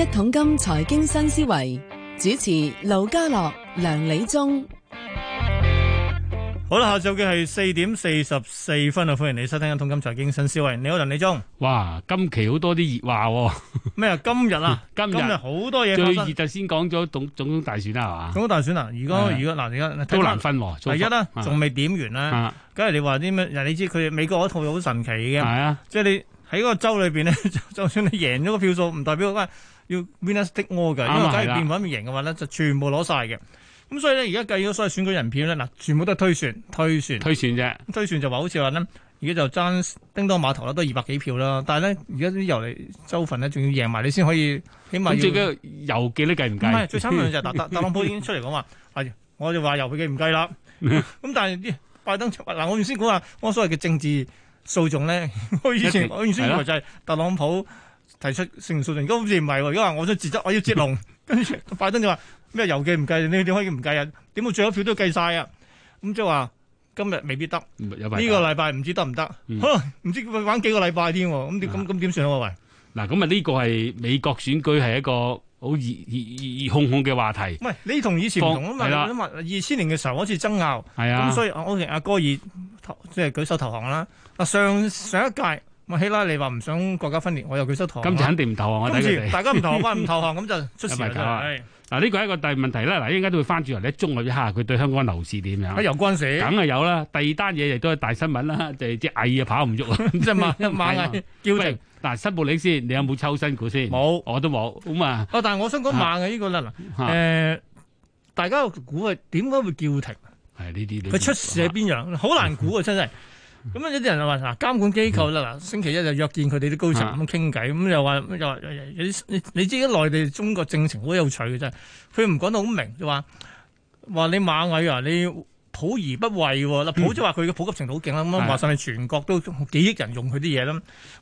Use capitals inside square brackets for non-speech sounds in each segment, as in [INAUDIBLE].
一桶金財經新思維，主持劉家樂梁理中，好啦，下晝嘅，係四點四十四分啊！歡迎你收聽一桶金財經新思維，你好，梁理中。哇，今期好多啲熱話咩、哦、啊？今日今啊，今日好多嘢。最熱就先講咗總總統大選啦，係嘛？總統大選啦如果，啊、如果嗱而家都難分，啊、分，第一啦、啊，仲未點完啦、啊，梗係、啊、你話啲咩？人哋知佢美國嗰套好神奇嘅，係啊，即係你喺個州裏邊咧，就算你贏咗個票數，唔代表喂。哎要 winner take all 嘅，如果假如變反變型嘅話咧，就全部攞晒嘅。咁所以咧，而家計咗所謂選舉人票咧，嗱，全部都係推算。推算，推算啫。推算就話好似話咧，而家就爭叮噹碼頭啦，都二百幾票啦。但係咧，而家啲遊嚟州份咧，仲要贏埋你先可以，起碼要自己遊幾呢？計唔計？不最慘嘅就係特特朗普已經出嚟講話，我就話遊佢幾唔計啦。咁但係拜登嗱，我原先估下，我所謂嘅政治訴訟咧， [LAUGHS] 我以前我原先講就係特朗普。提出成數定，而家好似唔係喎。而家話我想自質，我要接籠，跟 [LAUGHS] 住拜登就話咩郵寄唔計，你點可以唔計啊？點會最後票都計晒啊？咁即係話今日未必得，呢、這個禮拜唔知得唔得？唔、嗯、知玩幾個禮拜添？咁點咁咁點算喂，嗱、啊，咁啊呢個係美國選舉係一個好熱熱熱熱烘烘嘅話題。唔係你同以前唔同啊嘛？二千年嘅時候好似爭拗，係啊，咁所以我哋阿戈爾即係、就是、舉手投降啦。嗱，上上一屆。希拉里話唔想國家分裂，我又佢收堂。今次肯定唔投降，我哋。大家唔投翻，唔投降，咁 [LAUGHS] 就出事嗱，呢個係一個大問題啦。嗱，應該都會翻轉嚟，你綜合一下，佢對香港樓市點樣？關事有又干梗係有啦，第二單嘢亦都係大新聞啦，就係啲蟻啊跑唔喐即係一馬啊，叫 [LAUGHS] 停。嗱，申報你先，你有冇抽新股先？冇，我都冇。咁啊。但係我想講馬嘅呢個啦，嗱、啊，誒、啊呃，大家估啊，點解會叫停係呢啲，佢、啊、出事喺邊樣？好難估啊，真係。 [LAUGHS] 咁啊！有啲人就話：嗱、啊，監管機構啦，嗱、嗯，星期一就約見佢哋啲高層咁傾偈，咁又話，又，又你自己內地中國政情好有趣嘅啫。佢唔講得好明，就話話你螞蟻啊，你普而不惠嗱、啊嗯，普即話話佢嘅普及程度好勁啦，咁話晒全國都幾億人用佢啲嘢啦。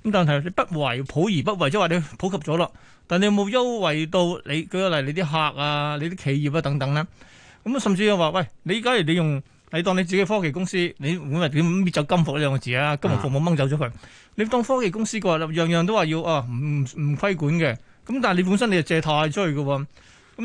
咁但係你不惠，普而不惠，即話話你普及咗啦，但你有冇優惠到你？舉個例你啲客啊，你啲企業啊等等呢？咁甚至又話：喂，你假如你用？你當，你自己科技公司，你會日點搣走金服呢兩個字啊？金服冇掹走咗佢。啊、你當科技公司過話，樣樣都話要啊唔唔規管嘅。咁但係你本身你係借貸出去嘅，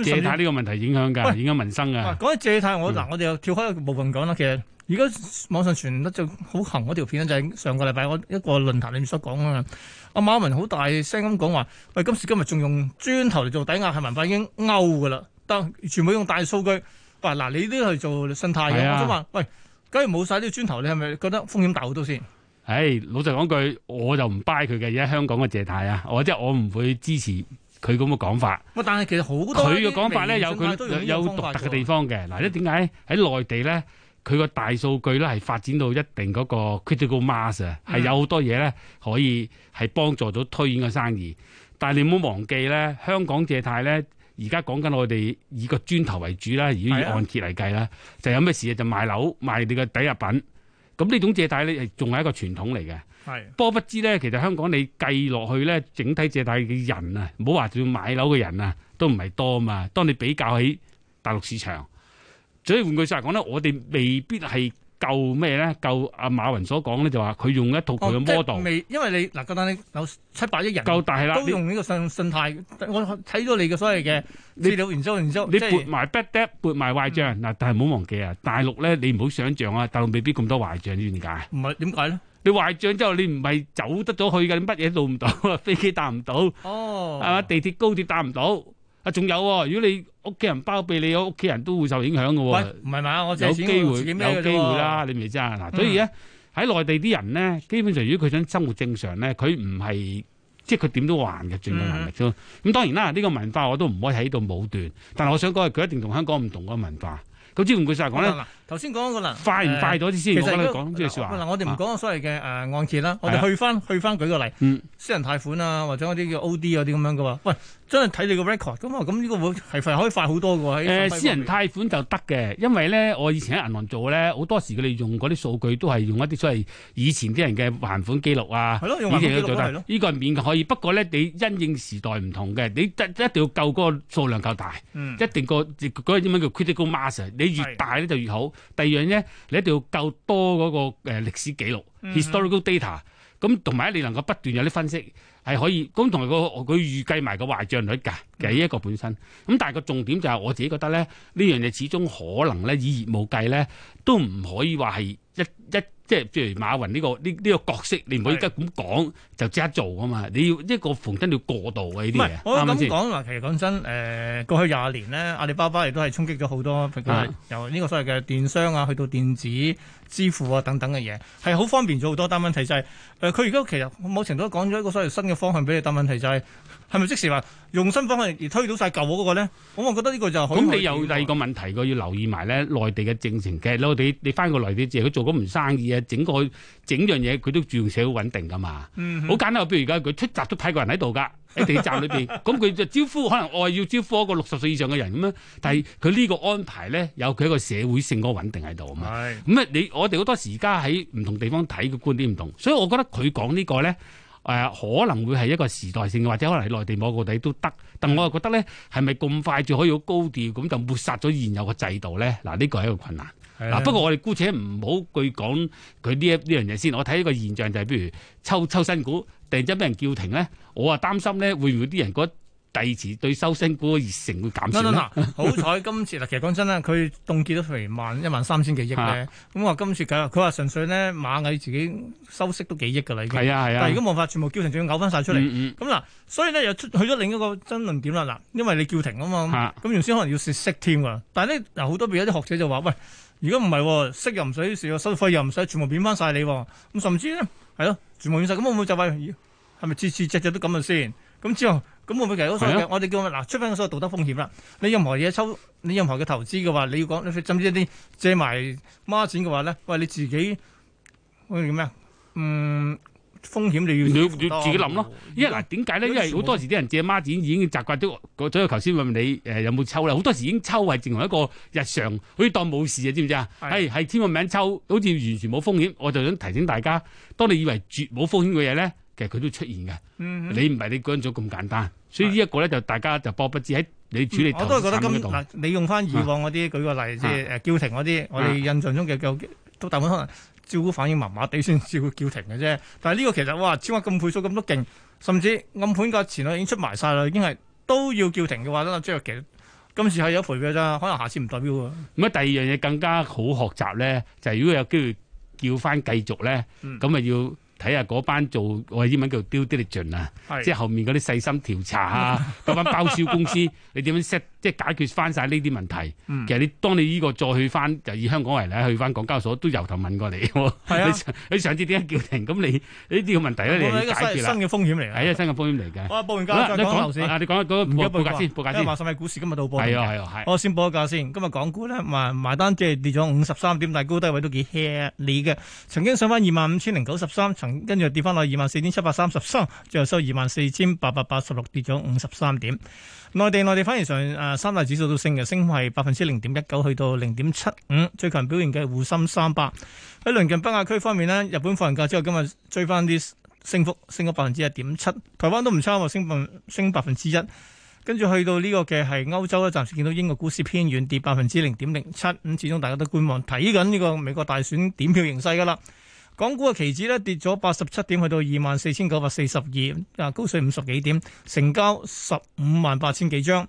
借貸呢個問題影響噶，影響民生噶。講、啊、起借貸、嗯，我嗱我哋又跳開一部分講啦。其實而家網上傳得就好行嗰條片就係上個禮拜我一個論壇裏面所講啊。阿馬文好大聲咁講話，喂，今時今日仲用磚頭嚟做抵押係文化已經 out 㗎噶啦，但全部用大數據。嗱、啊，你都係做生態嘅、啊，我想問，喂，假如冇曬啲磚頭，你係咪覺得風險大好多先？誒，老實講句，我就唔 buy 佢嘅而家香港嘅借貸啊，即係我唔會支持佢咁嘅講法。喂，但係其實好多佢嘅講法咧，法有佢有有獨特嘅地方嘅。嗱、嗯，即係點解喺內地咧，佢個大數據咧係發展到一定嗰個 critical mass 啊、嗯，係有好多嘢咧可以係幫助到推演個生意。但係你唔好忘記咧，香港借貸咧。而家講緊我哋以個磚頭為主啦，如果以按揭嚟計啦，就有咩事啊就賣樓賣你個抵押品。咁呢種借貸咧，仲係一個傳統嚟嘅。係，不過不知咧，其實香港你計落去咧，整體借貸嘅人啊，唔好話要買樓嘅人啊，都唔係多嘛。當你比較喺大陸市場，所以換句説嚟講咧，我哋未必係。夠咩咧？夠阿馬雲所講咧，就話佢用一套佢嘅 model 未，因為你嗱，覺得你有七百億七八億人，夠大啦，都用呢個信信貸。我睇到你嘅所謂嘅資料研究研究，你撥埋 bad debt，撥埋壞賬。嗱，但係唔好忘記啊，大陸咧，你唔好想象啊，大陸未必咁多壞賬，點解？唔係點解咧？你壞賬之後，你唔係走得咗去嘅，你乜嘢做唔到？飛機搭唔到，係嘛？地鐵、高鐵搭唔到。還啊，仲有喎！如果你屋企人包庇你，屋企人都會受影響嘅喎、啊。唔係嘛，我借錢我自己孭嘅啫喎。有機會，有機會啦、啊，你咪知啊。嗱、嗯，所以咧、啊、喺內地啲人咧，基本上如果佢想生活正常咧，佢唔係即係佢點都還嘅，絕對能力啫。咁、嗯、當然啦、啊，呢、呢個文化我都唔可以喺度武斷，但係我想講佢一定同香港唔同嘅文化。咁之唔，據實講咧。頭先講個難快唔快咗啲先，我哋講即係説話。嗱、呃，我哋唔講所謂嘅誒按揭啦，我哋去翻去翻舉個例、嗯，私人貸款啊，或者嗰啲叫 O.D. 嗰啲咁樣嘅喎。喂，真係睇你個 record 咁啊，咁呢個會係快可以快好多嘅。誒、呃，私人貸款就得嘅，因為咧，我以前喺銀行做咧，好多時佢哋用嗰啲數據都係用一啲所謂以前啲人嘅還款，啊、款記錄啊，以前做得，依、這個係免可以。不過咧，你因應時代唔同嘅，你一定要夠嗰個數量夠大，嗯、一定、嗰個嗰、嗰個叫 critical mass 你越大咧就越好。第二樣咧，你一定要夠多個誒歷史記錄 historical data，咁同埋你能夠不斷有啲分析，係可以，咁同埋個佢預計埋個壞賬率㗎，嘅一個本身。咁但係個重點就係，我自己覺得咧，呢樣嘢始終可能咧，以業務計咧，都唔可以話係一一。即係譬如馬雲呢個呢呢個角色，你唔可以而家咁講就即刻做噶嘛，你要一個逢真要過渡嘅呢啲嘢，啱啱我咁講話，其實講真，誒過去廿年呢，阿里巴巴亦都係衝擊咗好多，譬如由呢個所謂嘅電商啊，去到電子。支付啊等等嘅嘢係好方便做好多，但問題就係誒佢而家其實某程度都講咗一個所謂新嘅方向俾你，但問題就係係咪即時話用新方向而推到晒舊嗰個咧？我覺得呢個就好咁你有第二個問題，佢要留意埋咧內地嘅政情，嘅。其實內地你翻過來啲嘢，佢做嗰唔生意啊，整個整樣嘢佢都注重社會穩定㗎嘛，好、嗯、簡單。譬如而家佢出閘都派個人喺度㗎。喺地鐵站裏邊，咁 [LAUGHS] 佢就招呼，可能我係要招呼一個六十歲以上嘅人咁樣。但係佢呢個安排咧，有佢一個社會性嗰個穩定喺度啊嘛。咁咧，你我哋好多時而家喺唔同地方睇嘅觀點唔同，所以我覺得佢講呢個咧，誒、呃、可能會係一個時代性嘅，或者可能喺內地某個地都得。但我又覺得咧，係咪咁快就可以好高調咁就抹殺咗現有嘅制度咧？嗱、啊，呢個係一個困難。嗱、啊，不過我哋姑且唔好據講佢呢一呢樣嘢先。我睇一個現象就係、是，譬如抽抽新股。突然之間俾人叫停咧，我啊擔心咧，會唔會啲人覺得第二次對收升股個熱誠會減少？嗱，好彩今次嗱，其實講真咧，佢凍結咗嚟萬一萬三千幾億咧。咁話、啊嗯、今次佢，解佢話純粹咧，螞蟻自己收息都幾億噶啦，已經。係啊係啊！但係如果冇法全部叫停就，仲要嘔翻晒出嚟。咁、嗯、嗱，所以咧又出去咗另一個爭論點啦。嗱，因為你叫停啊嘛。咁、啊、原先可能要蝕息添喎，但係咧，嗱好多邊有啲學者就話：喂，如果唔係喎，息又唔使少，手續費又唔使，全部變翻晒你喎。咁甚至咧。係咯，全部掩飾，咁會唔會就為係咪次次隻只都咁啊？先咁之後，咁會唔會其實所我哋叫咩？嗱，出邊所有道德風險啦。你任何嘢抽，你任何嘅投資嘅話，你要講，甚至一啲借埋孖錢嘅話咧，喂，你自己嗰啲叫咩啊？嗯。風險你要你自己諗咯，因為嗱，點解咧？因為好多時啲人借孖展已經習慣咗，嗰所以頭先問你誒有冇抽啦？好多時已經抽係成為一個日常，好似當冇事啊，知唔知啊？係係簽個名抽，好似完全冇風險。我就想提醒大家，當你以為絕冇風險嘅嘢咧，其實佢都出現嘅。嗯嗯，你唔係你講咗咁簡單，所以呢一個咧就大家就駁不不知喺你處理、嗯、我都係覺得今日你用翻以往嗰啲舉個例，即係誒叫停嗰啲，我哋印象中嘅就都大部分。招股反應麻麻地先照叫停嘅啫，但係呢個其實哇，超過咁倍數咁多勁，甚至暗盤價錢已經出埋晒啦，已經係都要叫停嘅話啦。張若琪今次係有賠嘅咋，可能下次唔代表喎。咁啊，第二樣嘢更加好學習咧，就係、是、如果有機會叫翻繼續咧，咁、嗯、咪要。睇下嗰班做我嘅英文叫 due diligence 啊，即係後面嗰啲細心調查啊，嗰 [LAUGHS] 班包銷公司 [LAUGHS] 你點樣 set，即係解決翻晒呢啲問題，嗯。其實你當你呢個再去翻就以香港為例去翻港交所都由頭問過你，係，啊哦，你上次點解叫停？咁你呢啲嘅問題咧，你解決啦。新嘅風險嚟嘅，新嘅風險嚟嘅。我、啊、報完價、啊、再講先、啊啊，報價先報。因、啊、為、啊、我先報一價先。今日港股咧埋單即係跌咗五十三點，但係高低位都幾 h 你嘅。曾經上翻二萬五千零九十三跟住跌翻落二萬四千七百三十三，最後收二萬四千八百八十六，跌咗五十三點。內地內地反而上誒、呃，三大指數都升嘅，升係百分之零點一九，去到零點七五。最強表現嘅滬深三百喺鄰近北亞區方面呢，日本放完假之後今日追翻啲升幅，升咗百分之一點七。台灣都唔差喎，升半升百分之一。跟住去到呢個嘅係歐洲咧，暫時見到英國股市偏軟，跌百分之零點零七。咁始終大家都觀望，睇緊呢個美國大選點票形勢噶啦。港股嘅期指咧跌咗八十七點，去到二萬四千九百四十二，啊高水五十幾點，成交十五萬八千幾張。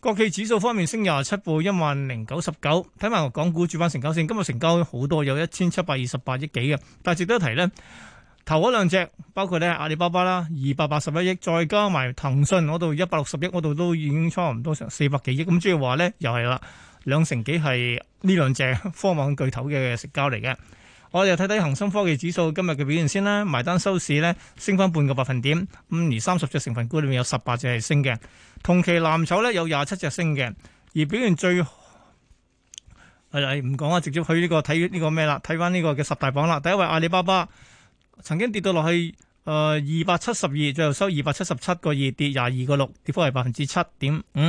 國企指數方面升廿七，報一萬零九十九。睇埋港股主板成交先，今日成交好多，有一千七百二十八億幾嘅。但係值得提呢頭嗰兩隻包括咧阿里巴巴啦，二百八十一億，再加埋騰訊嗰度一百六十億，嗰度都已經差唔多成四百幾億。咁即係話呢又係啦，兩成幾係呢兩隻科網巨頭嘅成交嚟嘅。我哋又睇睇恒生科技指數今日嘅表現先啦，埋單收市呢，升翻半個百分點，咁而三十隻成分股裏面有十八隻係升嘅，同期藍籌咧有廿七隻升嘅，而表現最係唔講啊，直接去呢個睇呢個咩啦，睇翻呢個嘅十大榜啦。第一位阿里巴巴曾經跌到落去誒二百七十二，呃、272，最後收二百七十七個二，跌廿二個六，跌幅係百分之七點五。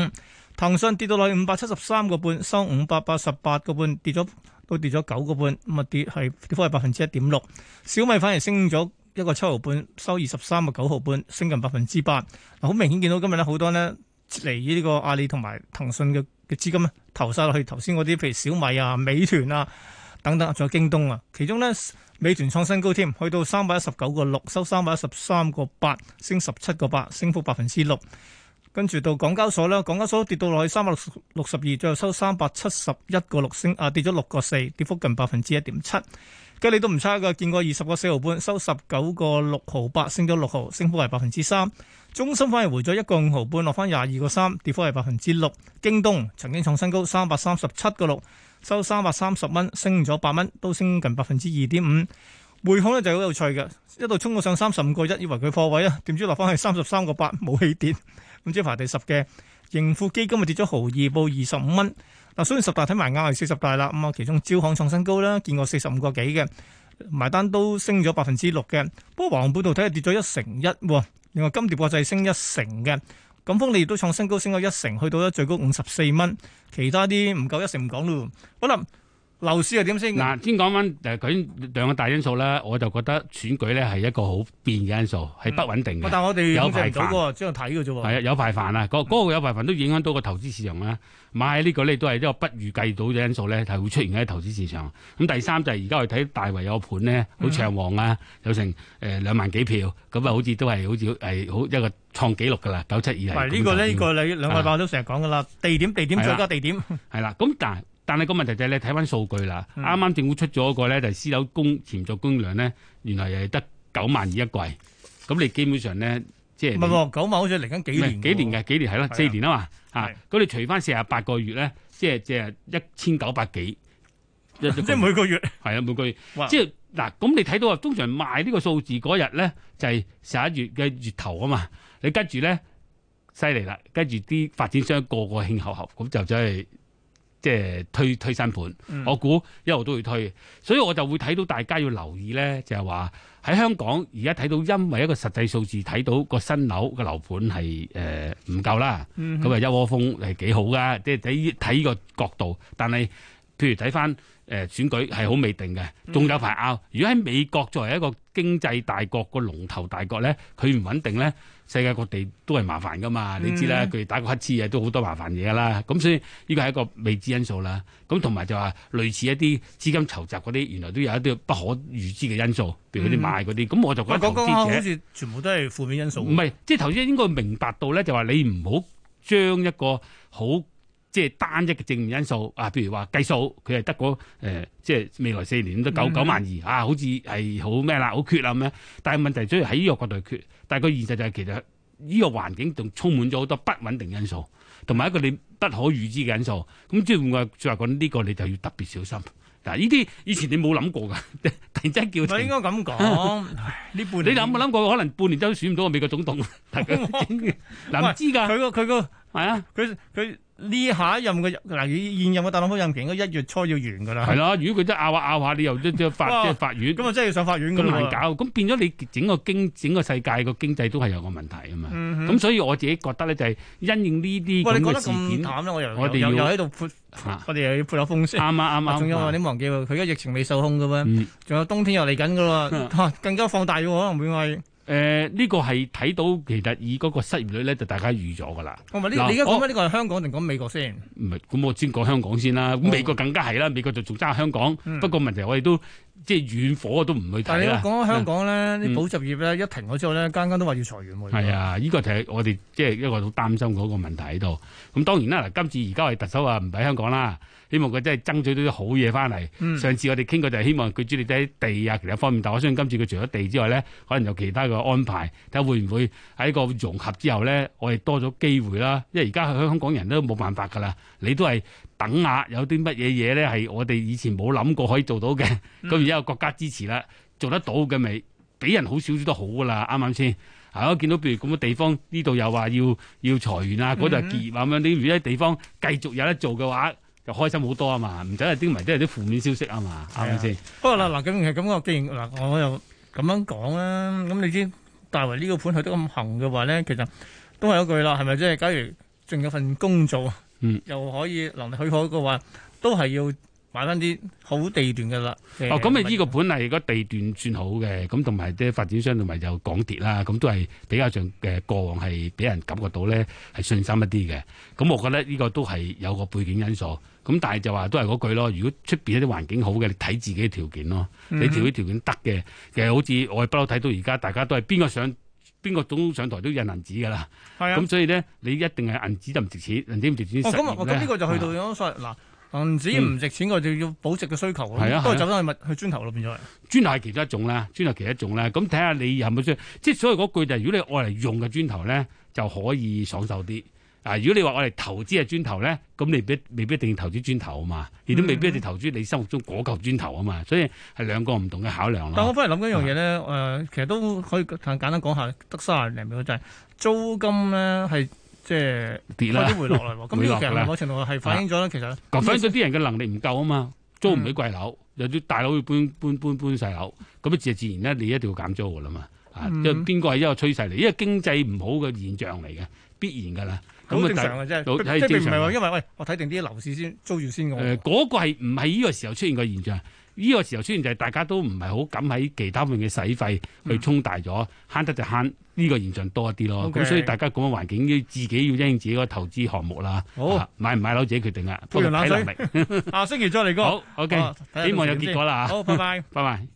騰訊跌到落去五百七十三個半，收五百八十八個半，跌咗。都跌咗九個半，咁啊跌係跌幅係百分之一點六。小米反而升咗一個七毫半，收二十三個九毫半，升近百分之八。嗱，好明顯見到今日咧，好多呢嚟呢個阿里同埋騰訊嘅嘅資金投晒落去頭先嗰啲，譬如小米啊、美團啊等等，仲有京東啊。其中呢，美團創新高添，去到三百一十九個六，收三百一十三個八，升十七個八，升幅百分之六。跟住到港交所啦，港交所跌到落去三百六十二，最後收三百七十一個六升，啊跌咗六個四，跌幅近百分之一點七。吉利都唔差噶，見過二十個四毫半，收十九個六毫八，升咗六毫，升幅係百分之三。中芯反而回咗一個五毫半，落翻廿二個三，跌幅係百分之六。京東曾經創新高三百三十七個六，收三百三十蚊，升咗八蚊，都升近百分之二點五。匯控呢就係好有趣嘅，一度衝到上三十五個一，以為佢破位啊，點知落翻去三十三個八，冇起點。咁即排第十嘅盈富基金啊，跌咗毫二，報二十五蚊。嗱，雖然十大睇埋額係四十大啦。咁啊，其中招行創新高啦，見過四十五個幾嘅埋單都升咗百分之六嘅。不過華強道睇係跌咗一成一喎。另外金蝶國際升一成嘅，咁豐利亦都創新高，升咗一成，去到咗最高五十四蚊。其他啲唔夠一成唔講咯。好啦。樓市係點先？嗱，先講翻誒，佢、啊、兩個大因素咧，我就覺得選舉咧係一個好變嘅因素，係、嗯、不穩定嘅。但我哋到嗰個，有睇嘅啫。係啊，有派飯啊，嗰、嗯，那個有排飯都影響到個投資市場啦。買個呢個咧都係一個不預計到嘅因素咧，係會出現喺投資市場。咁第三就係而家我睇大圍有個盤咧，好長旺啊、嗯，有成誒兩、呃、萬幾票，咁啊好似都係好似係好一個創紀錄噶啦，九七二。係、這個、呢個咧，呢、這個你兩百八都成日講噶啦，地點地點最佳地點。係啦，咁但係。但係個問題就係你睇翻數據啦，啱、嗯、啱政府出咗一個咧，就私樓工潛在供應量咧，原來又係得九萬二一季，咁你基本上咧，即係唔係九萬好似嚟緊幾年幾年嘅幾年係咯四年嘛啊嘛吓，咁你除翻四十八個月咧，即係即係一千九百幾，即係每個月係啊每個月，即係嗱，咁、就是、你睇到啊，通常賣個數呢個數字嗰日咧，就係十一月嘅月頭啊嘛，你跟住咧，犀利啦，跟住啲發展商個個慶喉喉，咁就真、就、係、是。即、就、係、是、推推新盤，我估一路都會推、嗯，所以我就會睇到大家要留意咧，就係話喺香港而家睇到，因為一個實際數字睇到個新樓嘅樓盤係誒唔夠啦，咁、呃、啊、嗯、一窩蜂係幾好噶，即係睇睇呢個角度，但係譬如睇翻。誒選舉係好未定嘅，仲有排拗。如果喺美國作為一個經濟大國個龍頭大國咧，佢唔穩定咧，世界各地都係麻煩噶嘛。你知啦，佢、嗯、打個乞嗤啊，都好多麻煩嘢啦。咁所以呢個係一個未知因素啦。咁同埋就話類似一啲資金籌集嗰啲，原來都有一啲不可預知嘅因素，譬如嗰啲買嗰啲。咁我就覺得、嗯那個、好似全部都係負面因素。唔係，即係投資應該明白到咧，就話你唔好將一個好。即係單一嘅正面因素啊，譬如話計數佢係得個誒，即係未來四年都九、嗯、九萬二啊，好似係好咩啦，好缺啦咁樣。但係問題主要喺呢個角度缺，但係佢現實就係其實呢個環境仲充滿咗好多不穩定因素，同埋一個你不可預知嘅因素。咁即係我即係話呢個你就要特別小心。嗱，呢啲以前你冇諗過噶，突然間叫唔應該咁講呢半年你諗冇諗過可能半年都選唔到個美國總統？嗱，唔 [LAUGHS] 知㗎，佢個佢個係啊，佢佢。呢下一任嘅嗱，現任嘅特朗普任期應該一月初要完噶啦。係啦、啊，如果佢都拗下拗下，你又即即法即法院，咁啊真係要上法院咁難搞，咁變咗你整個經整個世界個經濟都係有個問題啊嘛。咁、嗯、所以我自己覺得咧，就係因應呢啲咁嘅事件，我哋又喺度闊，我哋又我要闊下、啊、風聲。啱啊啱啊啱仲有你忘記喎，佢而家疫情未受控嘅咩？仲、嗯、有冬天又嚟緊嘅喎，更加放大嘅可能會係。誒、呃、呢、這個係睇到其實以嗰個失業率咧，就大家預咗噶啦。我問你，你而家講緊呢個係香港定講美國先？唔、哦、係，咁我先講香港先啦。咁美國更加係啦、哦，美國就仲差香港、嗯。不過問題我哋都即係遠火都唔去睇啦。但你講緊香港咧，啲、嗯、補習業咧一停咗之後咧，間、嗯、間都話要裁員喎。係啊，呢、這個就係我哋即係一個好擔心嗰個問題喺度。咁當然啦，嗱今次而家我哋特首話唔喺香港啦。希望佢真係爭取到啲好嘢翻嚟。上次我哋傾過就係希望佢主要睇地啊，其他方面。但我相信今次佢除咗地之外咧，可能有其他嘅安排。睇下會唔會喺個融合之後咧，我哋多咗機會啦。因為而家香港人都冇辦法㗎啦，你都係等下有啲乜嘢嘢咧係我哋以前冇諗過可以做到嘅。咁而家有國家支持啦，做得到嘅咪俾人好少少都好㗎啦。啱啱先？係咯，見到譬如咁嘅地方，呢度又話要要裁員啊，嗰度結業啊咁樣。你如果啲地方繼續有得做嘅話，就開心好多啊嘛，唔使係啲咪都係啲負面消息啊嘛，啱唔啱先？不過啦，嗱、啊，咁係咁我既然嗱，我又咁樣講啦、啊，咁你知道，大圍呢個盤去得咁行嘅話咧，其實都係一句啦，係咪即先？假如仲有份工做，嗯，又可以能力許可嘅話，嗯、都係要買翻啲好地段嘅啦。哦，咁啊，依、嗯這個盤係個地段算好嘅，咁同埋啲發展商同埋又港鐵啦，咁都係比較上嘅。過往係俾人感覺到咧係信心一啲嘅。咁我覺得呢個都係有個背景因素。咁但係就都話都係嗰句咯，如果出邊一啲環境好嘅，你睇自己條件咯、嗯。你自己條件得嘅，其實好似我係不嬲睇到而家大家都係邊個上邊個總上台都印銀紙㗎啦。咁、啊、所以咧，你一定係銀紙就唔值錢，銀紙唔值錢。咁、哦、啊，咁、哦、呢、哦、個就去到咗嗱、啊，銀紙唔值錢，我就要保值嘅需求、啊啊、都係走咗去物去磚頭咯，面咗嚟。磚頭係其中一種啦，磚頭其中一種啦。咁睇下你係咪即要？即係所謂嗰句就係如果你愛嚟用嘅磚頭咧，就可以爽手啲。啊！如果你話我哋投資係磚頭咧，咁你未必一定要投資磚頭啊嘛，亦都未必一定投資你生活中嗰嚿磚頭啊嘛，所以係兩個唔同嘅考量。但我翻嚟諗一樣嘢咧，誒、呃，其實都可以簡單講下，得卅零秒就係、是、租金咧係即係跌啦，都回落嚟。咁呢個其實某程度係反映咗其實，反映咗啲人嘅能力唔夠啊嘛，租唔起貴樓，嗯、有啲大佬要搬搬搬搬細樓，咁啊自自然咧，你一定要減租㗎啦嘛。啊、嗯，因為邊個係一個趨勢嚟，因為經濟唔好嘅現象嚟嘅，必然㗎啦。咁正常嘅啫，即係即係唔係因為喂，我睇定啲樓市先租住先嘅。誒、呃、嗰、呃那個係唔係呢個時候出現嘅現象？呢、這個時候出現就係大家都唔係好敢喺其他方面嘅使費去衝大咗，慳、嗯、得就慳呢個現象多一啲咯。咁、嗯、所以大家講嘅環境要自己要因應自己個投資項目啦。好，啊、買唔買樓自己決定啊。不過睇能力。啊 [LAUGHS] 下星期再嚟講。好，OK 看看。希望有結果啦。好，拜拜，拜 [LAUGHS] 拜。